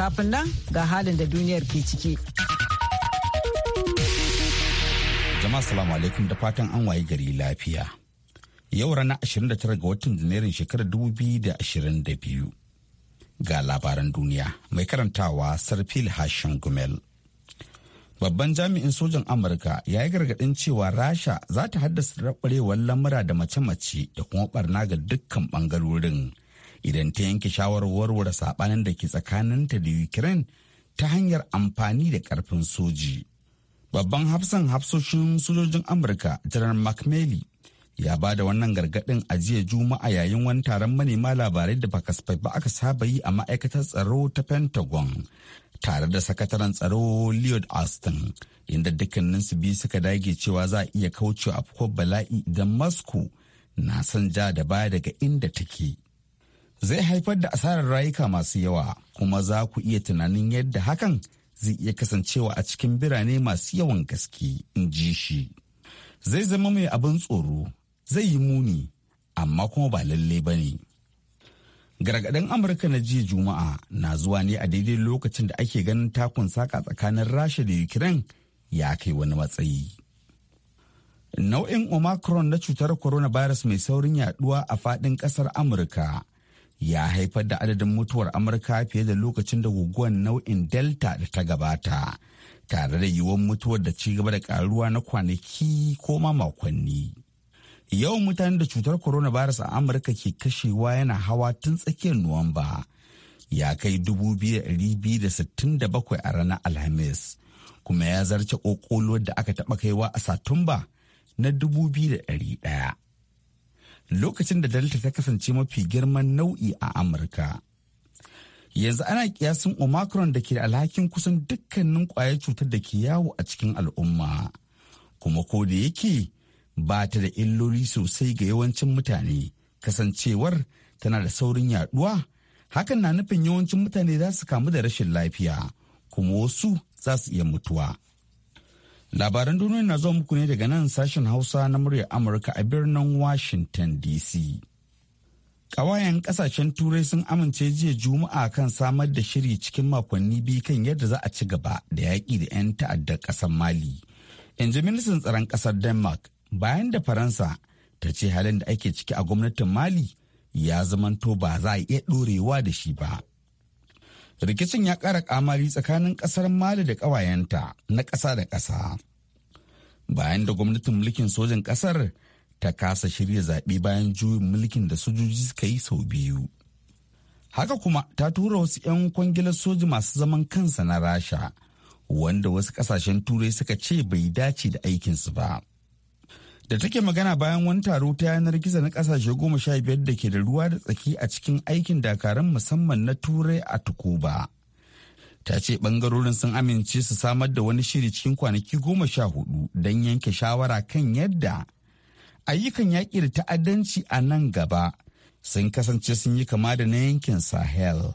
kafin nan ga halin da duniyar ke ciki. Jama'a salamu alaikum da fatan an waye gari lafiya. Yau rana 29 ga watan Janairun shekarar 2022. Ga labaran duniya mai karantawa Sarfil Hashin Gumel. Babban jami'in sojan Amurka ya yi gargaɗin cewa Rasha za ta haddasa raɓarewar lamura da mace-mace da kuma ɓarna ga dukkan ɓangarorin idan ta yanke shawarar warware saɓanin da ke tsakaninta da ukraine ta hanyar amfani da karfin soji babban hafsan hafsoshin sojojin amurka janar mcmillan ya ba da wannan gargadin a jiya juma'a yayin wani taron manema labarai da baka ba aka saba yi a ma'aikatar tsaro ta pentagon tare da sakataren tsaro leod austin inda dukkaninsu biyu suka dage cewa za a iya kaucewa afkuwar bala'i idan moscow na son ja da baya daga inda take zai haifar da asarar rayuka masu yawa kuma za ku iya tunanin yadda hakan zai iya kasancewa a cikin birane masu yawan gaske in ji shi zai zama mai abin tsoro zai yi muni amma kuma ba lalle ba ne gargaɗin amurka na jiya juma'a na zuwa ne a daidai lokacin da ake ganin takun saka tsakanin rasha da ukraine ya kai wani matsayi nau'in omicron na cutar coronavirus mai saurin yaduwa a faɗin ƙasar amurka ya haifar da adadin mutuwar amurka fiye da lokacin da guguwar nau'in delta da ta gabata tare da yiwuwar mutuwar da ci gaba da karuwa na kwanaki ko ma makonni yawan mutanen da cutar coronavirus a amurka ke kashewa yana hawa tun tsakiyar nuwamba ya kai 2,267 a ranar alhamis kuma ya zarce kokolo da aka taɓa kaiwa a satumba na 2,100 lokacin da delta ta kasance mafi girman nau'i a amurka yanzu ana kiyasin omicron da ke alhakin kusan dukkanin kwayar cutar da ke yawo a cikin al'umma kuma ko da yake ba ta da illoli sosai ga yawancin mutane kasancewar tana da saurin yaduwa hakan na nufin yawancin mutane za su kamu da rashin lafiya kuma wasu za su iya mutuwa Labaran duniya na zuwa muku ne daga nan sashen Hausa na muryar Amurka a birnin Washington DC. Ƙawayen ƙasashen Turai sun amince jiya Juma'a kan samar da shiri cikin makonni biyu kan yadda za a ci gaba da yaƙi da 'yan ta'addar ƙasar Mali. In ji ministan tsaron ƙasar Denmark bayan da Faransa ta ce halin da ake ciki a gwamnatin Mali ya zamanto ba za a iya ɗorewa da shi ba. rikicin ya ƙara ƙamari tsakanin ƙasar mali da ƙawayenta na ƙasa da ƙasa bayan da gwamnatin mulkin sojin ƙasar ta kasa shirya zaɓe bayan juyin mulkin da sojoji suka yi sau biyu haka kuma ta tura wasu 'yan kwangilar soji masu zaman kansa na rasha wanda wasu ƙasashen turai suka ce bai dace da aikinsu ba da take magana bayan wani taro ta yanar gizo na kasashe goma sha biyar da ke da ruwa da tsaki a cikin aikin dakaran musamman na turai a tukuba ta ce bangarorin sun amince su samar da wani shiri cikin kwanaki goma sha hudu don yanke shawara kan yadda ayyukan yaƙi da ta'addanci a nan gaba sun kasance sun yi kama da na yankin sahel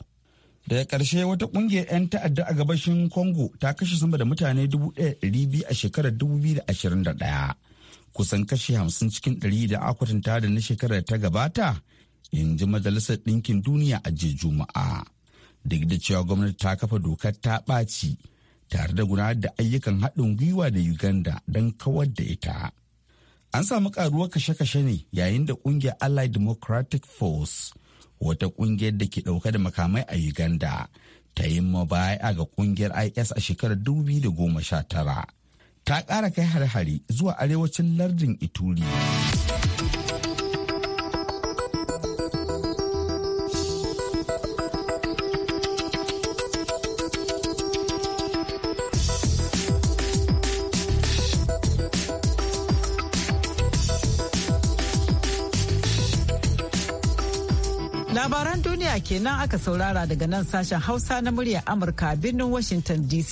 daga ƙarshe wata ƙungiyar 'yan ta'adda a gabashin congo ta kashe sama da mutane 1,200 a shekarar 2021 kusan kashi hamsin cikin ɗari da akwatanta da na shekarar ta gabata in ji majalisar ɗinkin duniya a jiya juma'a duk da cewa gwamnati ta kafa dokar ta ɓaci tare da gudanar da ayyukan haɗin gwiwa da uganda don kawar da ita an samu ƙaruwar kashe-kashe ne yayin da ƙungiyar allied democratic force wata ƙungiyar da ke ɗauka da makamai a uganda ta yi mabaya ga ƙungiyar is a shekarar 2019 ta ƙara kai har hari zuwa arewacin lardin Ituri. Labaran duniya kenan aka saurara daga nan sashen Hausa na muryar Amurka birnin Washington DC.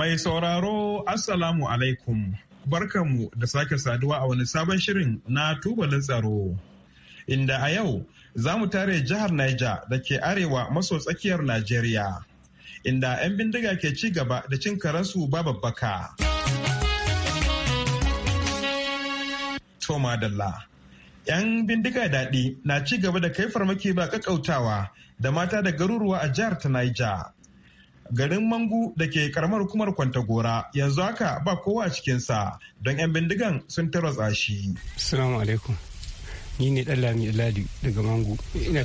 Mai sauraro Assalamu alaikum. Barkanmu da sake saduwa a wani sabon shirin na tubalin tsaro. Inda a yau za mu tare jihar Niger da ke arewa maso tsakiyar Najeriya. Inda 'yan bindiga ke ci gaba da cin karansu ba babbaka. Toma Dalla. 'Yan bindiga daɗi na ci gaba da kai farmaki ba ƙaƙautawa da mata da garuruwa a jihar ta Niger. garin mangu da ke karamar hukumar kwantagora yanzu haka ba kowa cikinsa don 'yan bindigan sun tarwatsa shi salamu alaikum ni ne dan lami ladi daga mangu ina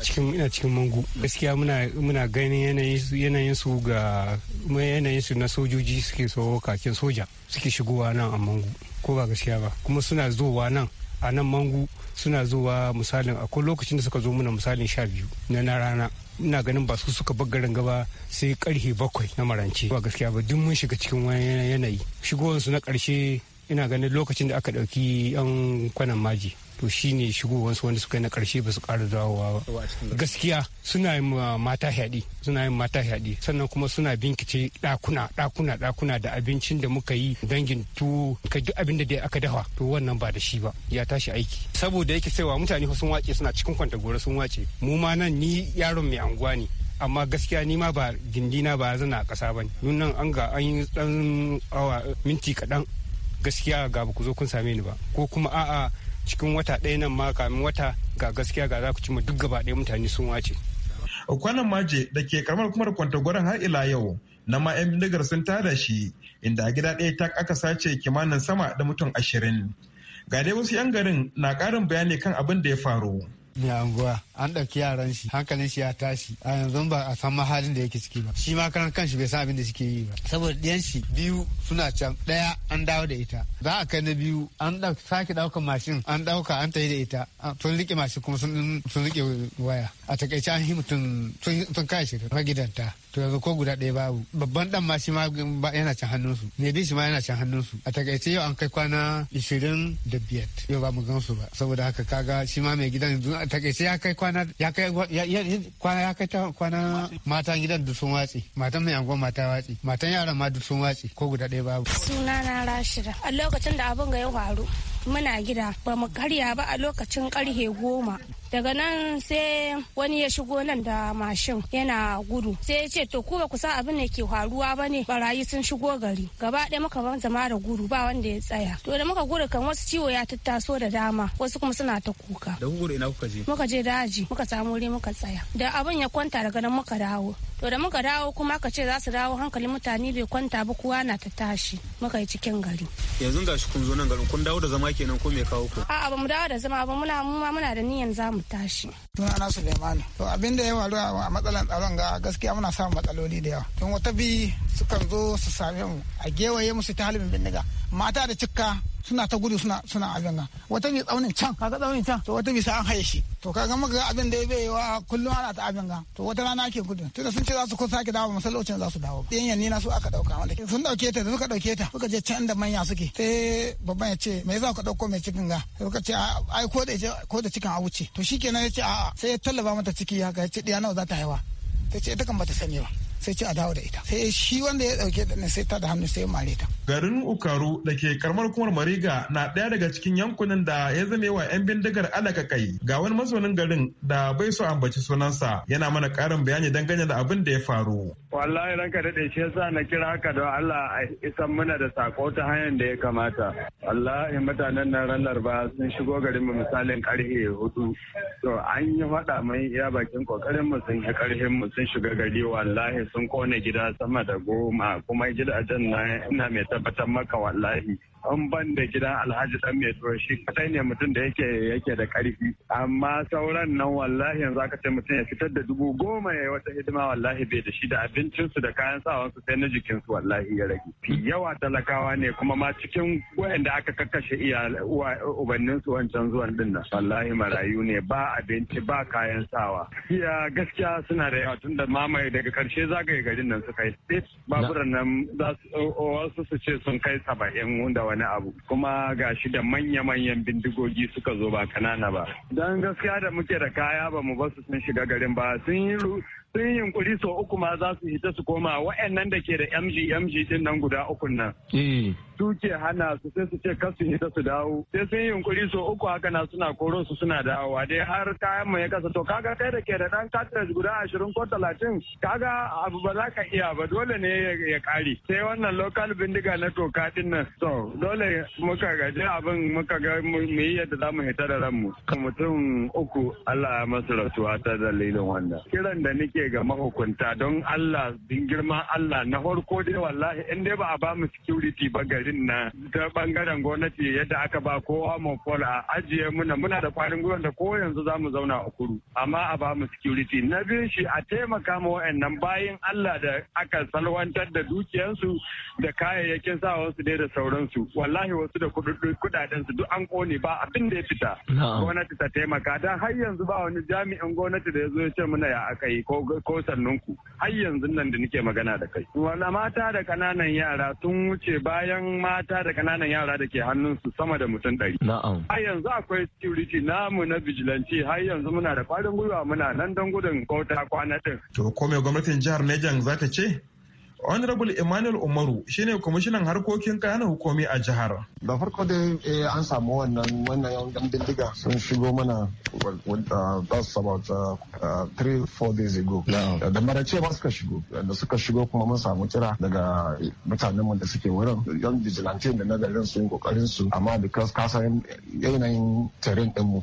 cikin mangu gaskiya muna muna ganin yanayin su ga yanayin su na sojoji suke so kakin soja suke shigowa nan a mangu ko ba gaskiya ba kuma suna zowa nan a nan mangu suna zuwa misalin akwai lokacin da suka zo muna misalin sha biyu na na rana ina ganin ba su suka garin gaba sai karhe bakwai na marance ba gaskiya ba duk mun shiga cikin wani yanayi shigowansu na karshe ina ganin lokacin da aka ɗauki yan kwanan maji to shi ne shigowansu wanda suka yi na karshe ba su ƙara dawowa ba gaskiya suna yin mata yaɗi suna yin mata yaɗi sannan kuma suna binkice ɗakuna ɗakuna ɗakuna da abincin da muka yi dangin tuwo ka duk abin da aka dafa to wannan ba da shi ba ya tashi aiki saboda yake saiwa mutane sun wace suna cikin kwanta gora sun wace mu ma nan ni yaron mai anguwa ne amma gaskiya ni ma ba gindina ba zana kasa ba ne nan an ga an yi ɗan awa minti kaɗan gaskiya ga ba ku zo kun same ni ba ko kuma a'a cikin wata ɗaya nan ma kamin wata ga gaskiya ga za ku cimma duk gaba ɗaya mutane sun wace. kwanan maje da ke kuma kumar gwaran har ila yau na ma 'yan bindigar sun tada shi inda a gida ɗaya ta aka sace kimanin sama da mutum ashirin ga dai wasu 'yan garin na ƙarin bayani kan abin da ya faru. yanguwa an ɗauki yaran shi hankalin shi ya tashi a yanzu ba a san mahalin da yake ciki ba shi ma karan kanshi bai san abin da suke yi ba saboda ɗiyan shi biyu suna can ɗaya an dawo da ita za a kai na biyu an sake ɗaukan mashin an ɗauka an tayi da ita sun riƙe mashin kuma sun riƙe waya a takaice an yi mutum sun kai shi magidanta to yanzu ko guda ɗaya babu babban dan ma shi ma yana can hannunsu ne bi shi ma yana can hannunsu a takaice yau an kai kwana ishirin da biyar yau ba mu su ba saboda haka kaga shi ma mai gidan a takaice ya kai kwana ya kai kwana ya kai kwana mata gidan duk sun watsi matan mai angon mata watsi matan yaran ma duk sun watsi ko guda ɗaya babu. suna na rashida a lokacin da abin ga ya faru muna gida ba mu karya ba a lokacin karhe goma daga nan sai wani ya shigo nan da mashin yana gudu sai ya ce to ku ba ku san abin da ke faruwa ba ne barayi sun shigo gari gaba ɗaya muka ban zama da gudu ba wanda ya tsaya to da muka gudu kan wasu ciwo ya tattaso da dama wasu kuma suna ta kuka da gudu ina kuka je muka je daji muka samu wuri muka tsaya da abin ya kwanta daga nan muka dawo to da muka dawo kuma aka ce za su dawo hankalin mutane bai kwanta ba kowa na ta tashi muka yi cikin gari yanzu gashi kun zo nan garin kun dawo da zama kenan ko me kawo ku a'a ba mu dawo da zama ba muna mu ma muna da niyan zamu mu tashi. Suleimani. To abin da ya faru a matsalan tsaron ga gaskiya muna samun matsaloli da yawa. tun wata bi sukan zo su same mu a gewaye musu ta halin bindiga. Mata da cikka suna ta gudu suna suna abin nan wata bi tsaunin can kaga tsaunin can to wata bi sai an haye shi to kaga maka abin da ya bai wa kullum ana ta abin nan to wata rana ake gudu tunda sun ce za su ko sake dawo masallacin za su dawo yan yanni na su aka dauka wanda sun dauke ta suka dauke ta suka je can da manya suke sai babban ya ce me za ka dauko mai cikin ga sai ka ce ai ko da ko da cikin a wuce to shikenan ya ce a. sai ya tallaba mata ciki ga ya ce diya nawa za ta haifa ta ce ita kan bata sani ba sai ce a dawo da ita sai shi wanda ya dauke da sai ta da hannu sai mare ta garin ukaru da ke karamar kuma mariga na daya daga cikin yankunan da ya zame wa yan bindigar alaka ga wani masaunin garin da bai so ambaci sunansa yana mana karin bayani dangane da abin da ya faru wallahi ranka da shi yasa na kira ka don Allah a isan mana da sako ta hanyar da ya kamata wallahi mutanen nan ran larba sun shigo garin mu misalin karfe hudu to an yi fada mai iya bakin kokarin mu sun yi karfin mu sun shiga gari wallahi sun kone gida sama da goma kuma gidajen na ina mai tabbatar maka wallahi An ban da gidan alhaji dan mai tura shi kadai ne mutum da yake yake da karfi amma sauran nan wallahi yanzu aka ce mutum ya fitar da dubu goma ya wata hidima wallahi bai da shi da su da kayan sawansu sai na jikinsu wallahi ya rage yawa talakawa ne kuma ma cikin wayanda aka kakkashe iya ubanninsu wancan zuwan din nan wallahi marayu ne ba abinci ba kayan sawa iya gaskiya suna da yawa tunda mamaye daga karshe zagaye garin nan suka yi babura nan za su ce sun kai saba'in wanda wani abu kuma gashi da manya-manyan bindigogi suka zo ba kanana ba don gaskiya da muke da kaya ba mu ba su sun shiga garin ba sun yi sun yunkuri sau uku ma za su hita su koma wa'annan da ke da mg mg din nan guda uku nan eh. su ke hana su sai su ce kar su hita su dawo sai sun yunkuri sau uku haka na suna koro su suna dawowa dai har kayan mu ya kasa to kaga kai da ke da dan cartridge guda ashirin ko talatin kaga abu ba za ka iya ba dole ne ya kare sai wannan lokal bindiga na toka din nan to dole muka gaji abin muka ga mu yi yadda za mu hita da ranmu mutum uku Allah ya masu rasuwa ta dalilin wannan kiran da nake ga mahukunta don Allah bin girma Allah na farko dai wallahi in dai ba a ba mu security ba garin na ta bangaren gwamnati yadda aka ba kowa mu a ajiye muna muna da kwarin gwiwa da ko yanzu za mu zauna a kuru amma a ba mu security na biyu shi a taimaka ma wayannan bayan Allah da aka salwantar da dukiyansu da kayayyakin sawansu dai da sauransu wallahi wasu da kudaden su duk an kone ba abin da ya fita gwamnati ta taimaka dan har yanzu ba wani jami'in gwamnati da ya zo ya ce muna ya aka yi ko ko sannunku har yanzu nan da nake magana da kai Wanda mata da kananan yara sun wuce bayan mata da kananan yara da ke hannunsu sama da mutum ɗari na'am har yanzu akwai security namu na vigilance har yanzu muna da kwarin gwiwa muna nan don gudun kota kwana din to ko gwamnatin jihar Nejan za ta ce Honorable Emmanuel Umaru shine kwamishinan harkokin kayan hukumi a jihar. Da farko dai eh, an samu wannan wannan yan bindiga sun shigo mana uh, that's about uh, uh, three four days ago. Da ce ba suka shigo da suka shigo kuma mun samu kira daga mutanenmu da suke wurin yan vigilante da na garin sun kokarin su amma because ka san yanayin terrain din mu.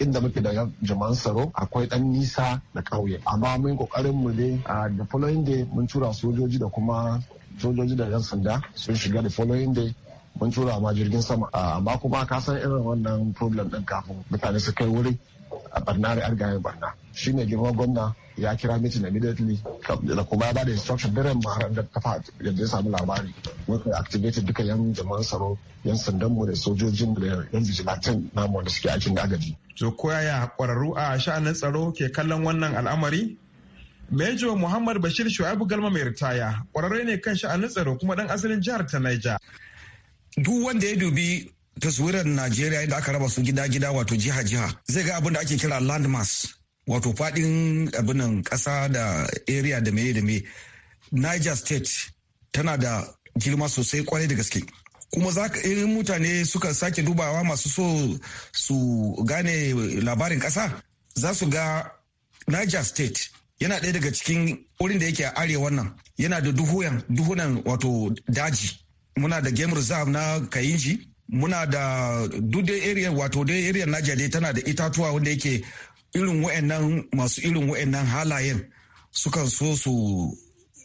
inda muke da jama'an tsaro akwai dan nisa da kauye amma mun kokarin mu ne da following day mun tura sojoji da kuma sojoji da 'yan sanda sun shiga da following day mun tura ma jirgin sama ah, amma kuma ka san irin wannan problem din kafin mutane su kai wuri a barna da argayen barna shi ne girman gwamna ya kira mitin immediately da kuma ya bada instruction birin maharan da ta yadda ya samu labari Mun muka activated duka yan jama'an saro yan sandan mu da sojojin da yan vigilantin namu da suke aikin agaji. to koyaya kwararru a sha'anin tsaro ke kallon wannan al'amari Major Muhammad Bashir Shu'aibu Galma mai ritaya ƙwararre ne kan sha'anin tsaro kuma dan asalin jihar ta Niger. Duk wanda ya dubi taswirar Najeriya inda aka raba su gida-gida wato jiha-jiha zai ga abin da ake kira landmass wato fadin abinan kasa da area da meye da me Niger state tana da girma sosai kwarai da gaske kuma za ka irin mutane suka sake dubawa masu so su gane labarin kasa za su ga Niger state yana ɗaya daga cikin wurin da yake a arewa nan yana da duhuyan duhunan wato daji muna da game reserve na kayinji muna da dai area wato dai area naja dai tana da itatuwa wanda yake irin wa'annan masu irin wa'annan halayen sukan so su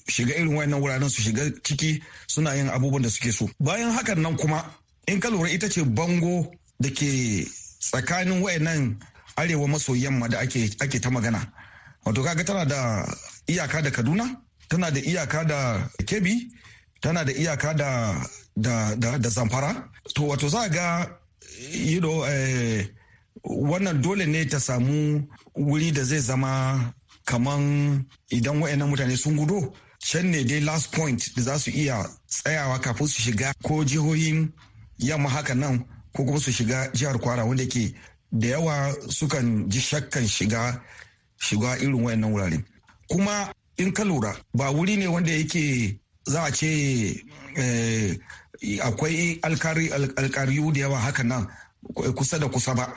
shiga irin wa'annan wuraren su shiga ciki suna yin abubuwan da suke so bayan hakan nan kuma in ka ita ce bango da ke tsakanin wa'annan arewa maso yamma da ake ta magana wato kaga tana da iyaka da kaduna tana da iyaka da kebbi tana da iyaka da da zamfara to wato za ga you know, eh, wannan dole ne ta samu wuri da zai zama kaman idan waɗannan mutane sun gudo can ne dai last point da za su iya tsayawa kafin su shiga ko jihohin yamma haka nan ko kuma su shiga jihar kwara wanda ke da yawa sukan ji shakkan shiga shiga irin wayannan wurare kuma in ka lura ba wuri ne wanda yake za a ce eh, akwai alkariyu da yawa hakan nan kusa da kusa ba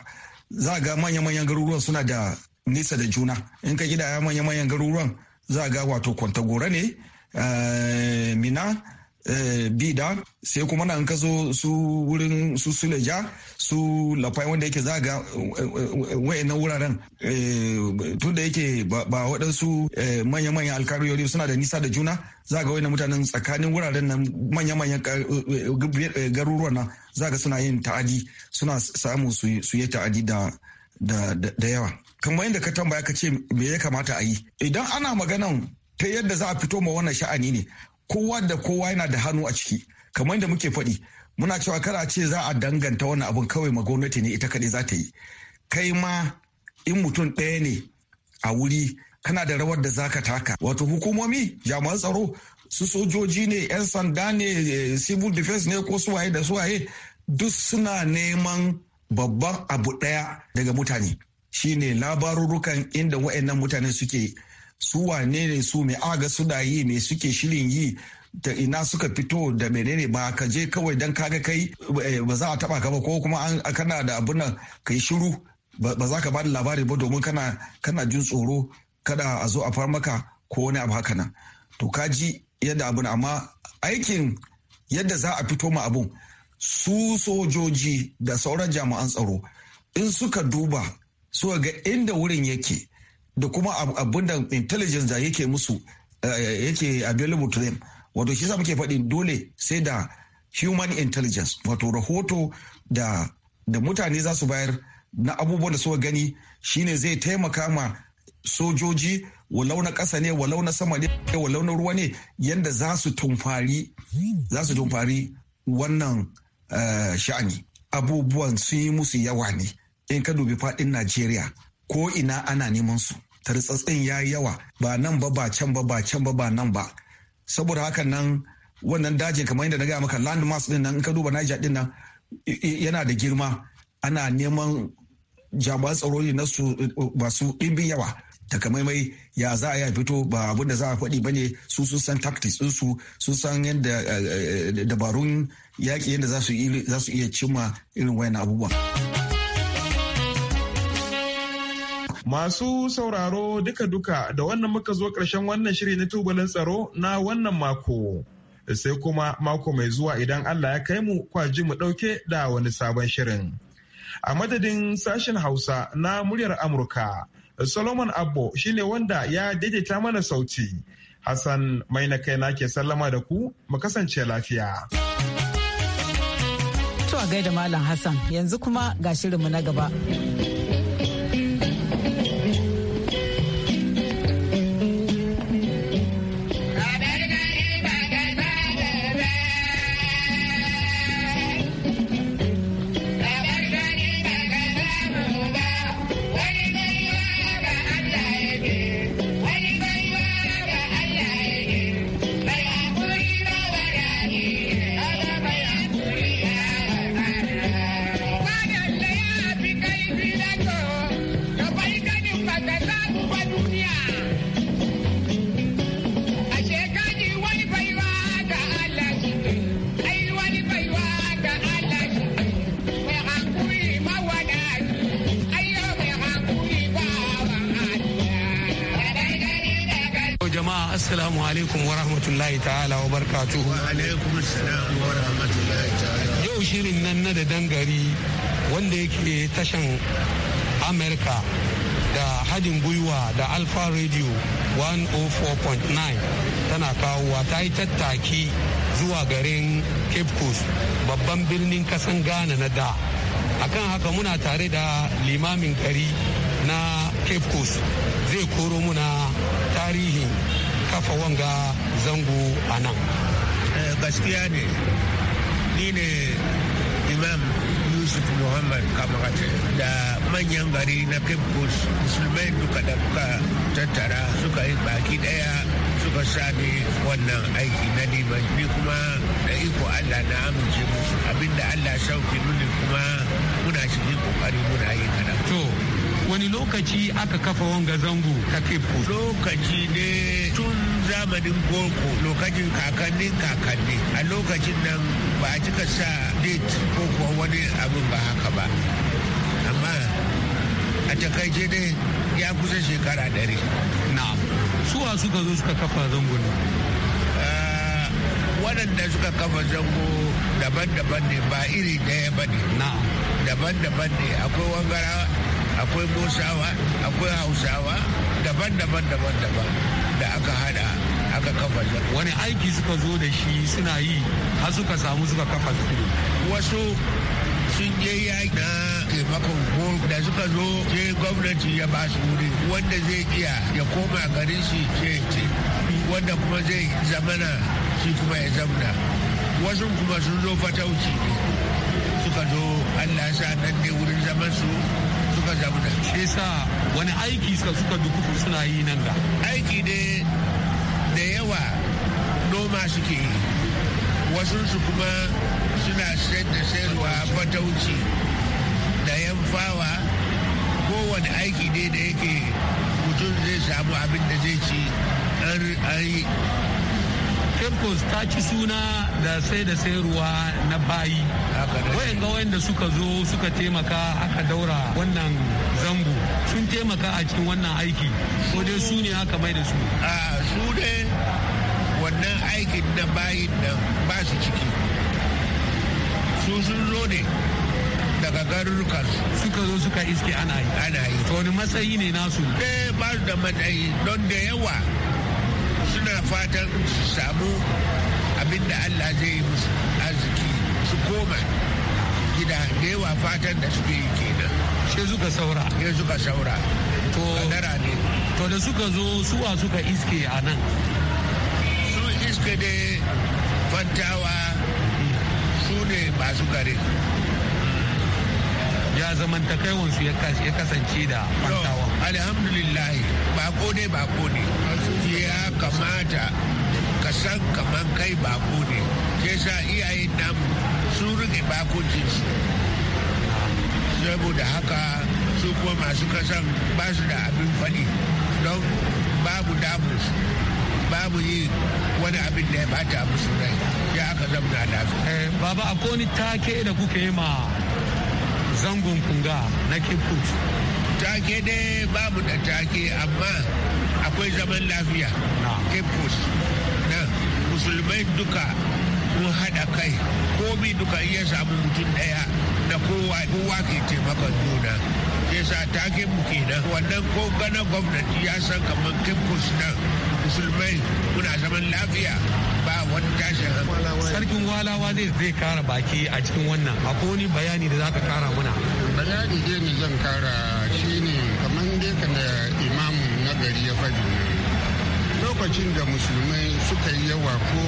za ga manya-manyan garuruwan suna da nisa da juna in ka gida manya-manyan garuruwan za ga wato kwantagora ne eh, mina Eh, bida sai kuma na ka zo su wurin su suleja su lafai wanda yake zaga eh, eh, na wuraren tun da yake ba waɗansu manya-manyan alkariyori suna da nisa da juna zaga na mutanen tsakanin wuraren nan manya-manyan garuruwan za zaga suna yin ta'adi suna samu su yi ta'adi da yawa kamar yadda ka tambaya ka ce me ya kamata a yi idan ana maganan ta yadda za a fito ma wannan sha'ani ne kowa da kowa yana da hannu a ciki kamar yadda muke faɗi muna cewa kara ce za a danganta wannan abun kawai ma gwamnati ne ita kaɗai za ta yi kai ma in mutum ɗaya ne a wuri kana da rawar da zaka taka wato hukumomi jami'an tsaro su sojoji ne 'yan sanda ne eh, civil defense ne ko suwaye da suwaye duk suna neman babban abu ɗaya daga mutane shine labarurukan inda wa'annan mutane suke su wane ne su mai aga suna yi mai suke shirin yi ta ina suka fito da menene ba ka je kawai don kaga kai eh, ba za a taba ka ba ko kuma kana da abun nan ka yi shiru ba za ka ba da labari ba domin kana kana jin tsoro kada a zo a far maka ko wani abu haka nan to ka ji yadda abun amma aikin yadda za a fito ma abun su sojoji da sauran jami'an tsaro in suka duba suka ga inda wurin yake da kuma abin da intelligence da yake musu eh, yake available to them wato shi sa muke faɗi dole sai da human intelligence wato rahoto da da mutane za su bayar na abubuwan da suka gani shine zai taimaka ma sojoji walau na ƙasa ne walau na sama ne walau na ruwa ne yadda za su tumfari za wannan eh, sha'ani abubuwan sun yi musu yawa ne in ka dubi faɗin najeriya ko ina ana neman su tartsatsin ya yi yawa ba nan ba ba can ba ba can ba ba nan ba saboda haka nan wannan dajin kamar yadda na gaya maka landmass din nan in ka duba Niger din nan yana da girma ana neman jami'an tsaro ne masu ɗimbin yawa takamaimai ya za a yi fito ba abin da za a faɗi bane su sun san tactics su sun san yadda eh, eh, dabarun yaƙi yadda za su iya cimma irin wayan abubuwan. Masu sauraro duka-duka da wannan muka zo ƙarshen wannan shiri na tubalin tsaro na wannan mako. Sai kuma mako mai zuwa idan Allah ya kai mu kwaji mu ɗauke da wani sabon shirin. A madadin sashen Hausa na muryar Amurka, Solomon Abbo shine wanda ya daidaita mana sauti. Hassan mai na kai ke sallama da ku mu kasance lafiya. To a gaida Malam Hassan yanzu kuma ga shirinmu na gaba. rahmatullahi ta'ala wa barkatu. Wa alaikum assalam wa rahmatullahi ta'ala. Yau shirin nan na da dangari wanda yake tashan Amerika da hadin gwiwa da Alpha Radio 104.9 tana kawowa ta yi tattaki zuwa garin Cape Coast babban birnin kasan Ghana na da. Akan haka muna tare da limamin gari na Cape Coast zai koro muna tarihin kafa wanga zango a nan eh, gaskiya ne ni ne imam yusuf muhammad kamarace da manyan gari na cape coast musulmai duka da kuka tattara suka yi baki daya suka ni wannan aiki na liman ni kuma da iko allah na amince musu abinda allah sauke nuni kuma muna cikin kokari muna yi kada to wani lokaci aka kafa wanga zango ta cape coast lokaci ne tun zamanin goko lokacin kakannin kakanni a lokacin nan ba a cika sa date ko kuwa wani abin ba haka ba amma a takaice dai ya kusa shekara ɗari na suwa suka zo suka kafa zango ne ah, waɗanda suka kafa zango daban-daban ne ba iri ɗaya ba ne daban-daban ne akwai wangara akwai musawa akwai hausawa daban-daban daban-daban da aka hada suka kafa wani aiki suka zo da shi suna yi har suka samu suka kafa su wasu sun je yaƙi na taimakon gol da suka zo je gwamnati ya ba su wuri wanda zai iya ya koma garin shi ce ce wanda kuma zai zamana shi kuma ya zamana wasu kuma sun zo fatauci ne suka zo allah sa nan ne wurin zaman su suka zamana shi sa wani aiki suka dukufu suna yi nan ga aiki ne noma suke yi su kuma suna sayar da sayarwa fatauci da yan fawa kowane aiki ne da yake mutum zai samu abin da zai ci an yi Tempos ta ci suna da sai da sayarwa na bayi. Wayan ga da suka zo suka taimaka aka daura wannan zango sun taimaka a cikin wannan aiki. Ko dai su ne aka mai da su. A su dai wannan aikin na bayin nan ba su ciki su sun zo ne daga garuruka suka zo suka iske ana yi ana yi to wani matsayi ne nasu eh ba su da matsayi don da yawa suna fatan su samu abin da Allah zai yi musu arziki su koma gida da yawa fatan da suke yi kenan sai suka saura sai suka saura to ne to da suka zo suwa suka iske a nan suke da fantawa su ne masu garin ya zamantakaiwansu ya kasance da fantawa alhamdulillahi bako ne bako ne ya kamata ka san kaman kai bako ne ke sa iyayen namu sun rike bakuncinsu saboda haka su kuma masu kasan ba su da abin fadi don babu damus babu yi wani abin da ya bata musu rai ya aka zamna lafiya. Eh, baba akwai ta take da kuka yi ma zangon kunga na kipkut. take dai babu da take amma akwai zaman lafiya kipkut na musulmai duka kun haɗa kai komi duka iya samu mutum ɗaya na kowa kowa ke taimakon juna yasa take mu kenan wannan ko gana gwamnati ya san kamar kipkut nan musulmai muna zaman lafiya ba wani tashin sarkin walawa ne zai kara baki a cikin wannan akwai wani bayani da za ka kara muna bayani dai ne zan kara shi ne kamar dai da imamu na gari ya faɗi lokacin da musulmai suka yi yawa ko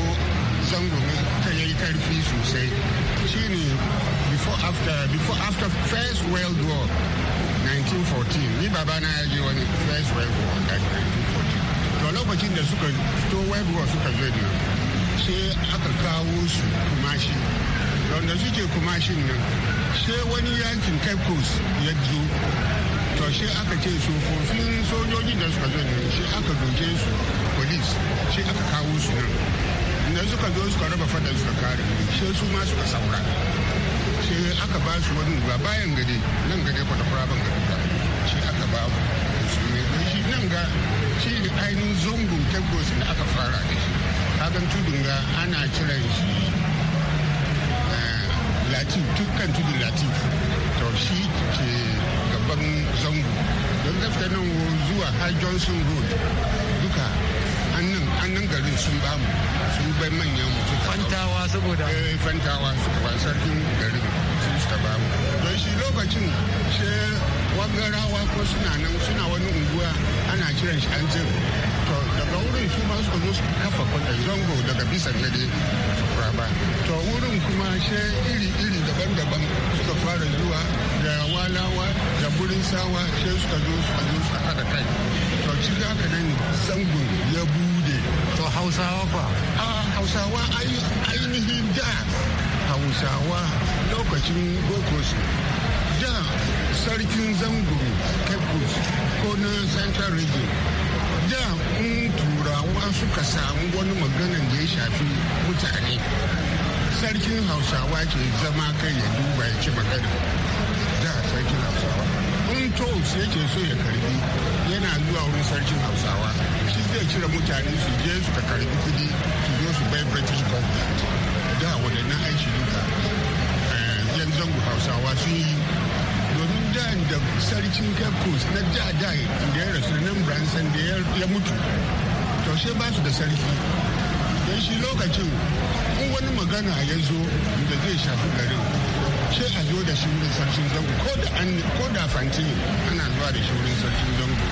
zango ta yi karfi sosai shi before after before after first world war 1914 ni babana ya je wani first world war lokacin da suka to waibuwa suka zo da sai aka kawo su kumashi wanda suke kumashin nan sai wani yankin cape coast ya zo to sai aka ce tsofaffin sojojin da suka zo ne sai aka doke su police sai aka kawo su nan inda suka zo suka raba fadar suka kare sai su ma suka saura sai aka ba su wani ruwa bayan gade nan gade kwata-kwata ban gade ainihin zongon kebgos da aka fara da shi hagan tudun ga ana kiran shi eh, latif tukkan tudun latif to shi ke gaban zango don zafi nan zuwa har johnson road duka annan annan garin sun ba mu sun bai manyan mu fantawa saboda eh fantawa su ba sarkin garin sun suka ba mu don shi lokacin shi wangarawa ko suna nan suna wani unguwa ana kiran shi an to daga wurin su ma suka zo su kafa kwata zango daga bisan na raba to wurin kuma shi iri-iri daban-daban suka fara zuwa da walawa da burin sawa shi suka zo su zo su haɗa kai to ci haka nan zangon ya bude to hausawa fa a hausawa ainihin da hausawa lokacin gokosu sarkin zango kekus ko na central region da in turawa suka samu wani maganan da ya shafi mutane sarkin hausawa ke zama kai ya duba ya ci magana da sarkin hausawa in tos yake so ya karbi yana zuwa wurin sarkin hausawa shi zai cire mutane su je su ka karbi kudi su zo su bai british government da wadannan aiki duka eh, yan zango hausawa sun yi da sarkin cape coast na da da da ya rasu nan branson da ya mutu taushe ba su da sarki don shi lokacin ko wani magana ya zo da zai shafi garin ce a zo da shi wurin sarkin zango ko da fanti ana zuwa da shi wurin sarkin zango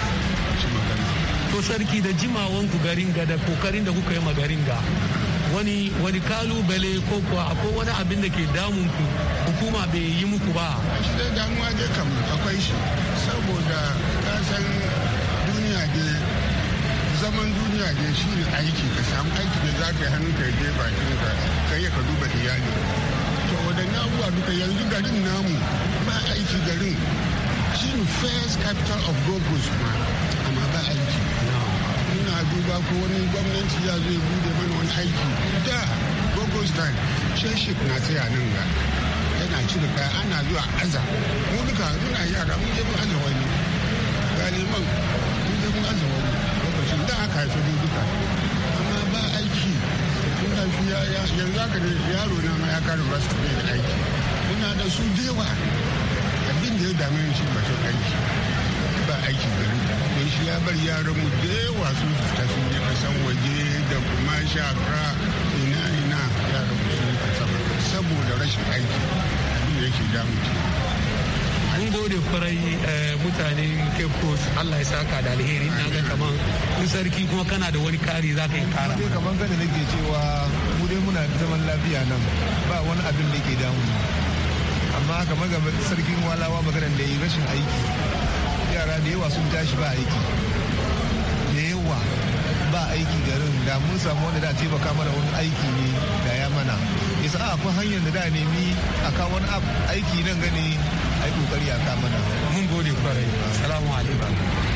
shi magana to sarki da jimawan ku garin ga da kokarin da kuka yi magarin ga wani wani kalubale ko kuwa akwai wani abin da ke damun ku hukuma bai yi muku ba shi da damuwa dai kam akwai shi saboda kasan duniya ne zaman duniya ne shi ne aiki ka samu aiki da za ka yi hannun ka je bakin ka kai ka duba iyali to wadannan abubuwa duka yanzu garin namu ba aiki garin shi ne first capital of gogos ma amma ba aiki duba ko wani gwamnati ya zo ya bude mana wani aiki da gogos style sheshik na tsaya nan ga yana cire kaya ana zuwa aza mu duka muna yara mun je mun aza wani galiman mun je mun aza wani lokacin da aka haifi mu duka amma ba aiki mun haifi yanzu haka ne yaro na ma ya kare rasu da aiki muna da su dewa abin da ya dame shi ba aiki aikin gari don shi ya bar yaran mu da yawa su ta sun je kasan waje da kuma shakara ina ina yaran mu sun fita saboda rashin aiki abin da yake damu an gode farai eh, mutanen cape coast allah ya saka da alheri na ga kaman in sarki kuma kana da wani kari za ka yi kara ne kaman kada nake cewa mu dai muna zaman lafiya nan ba wani abin da ke damu amma kamar ga sarkin walawa maganar da yi rashin aiki yara da yawa sun tashi ba aiki da yawa ba aiki garin da mun samu wanda da taimaka mana wani aiki ne da ya mana isa a kun hanyar da da nemi a kawo aiki nan gani a yi kokari a kamana mun gode kwarai salamu alaikum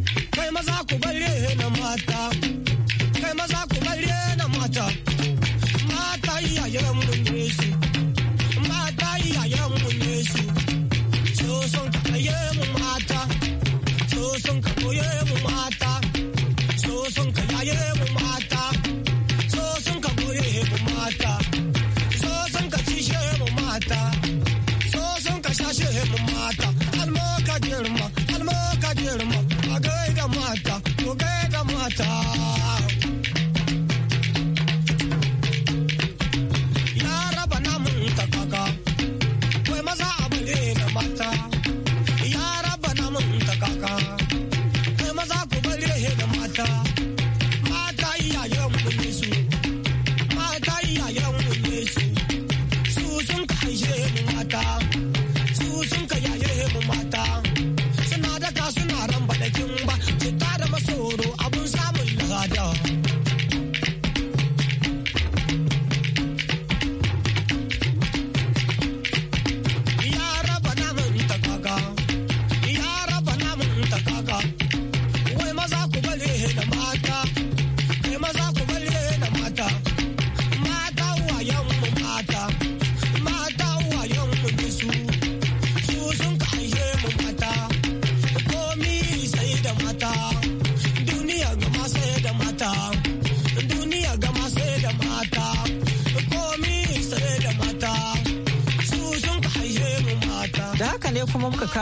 maza ku bare na mata matter.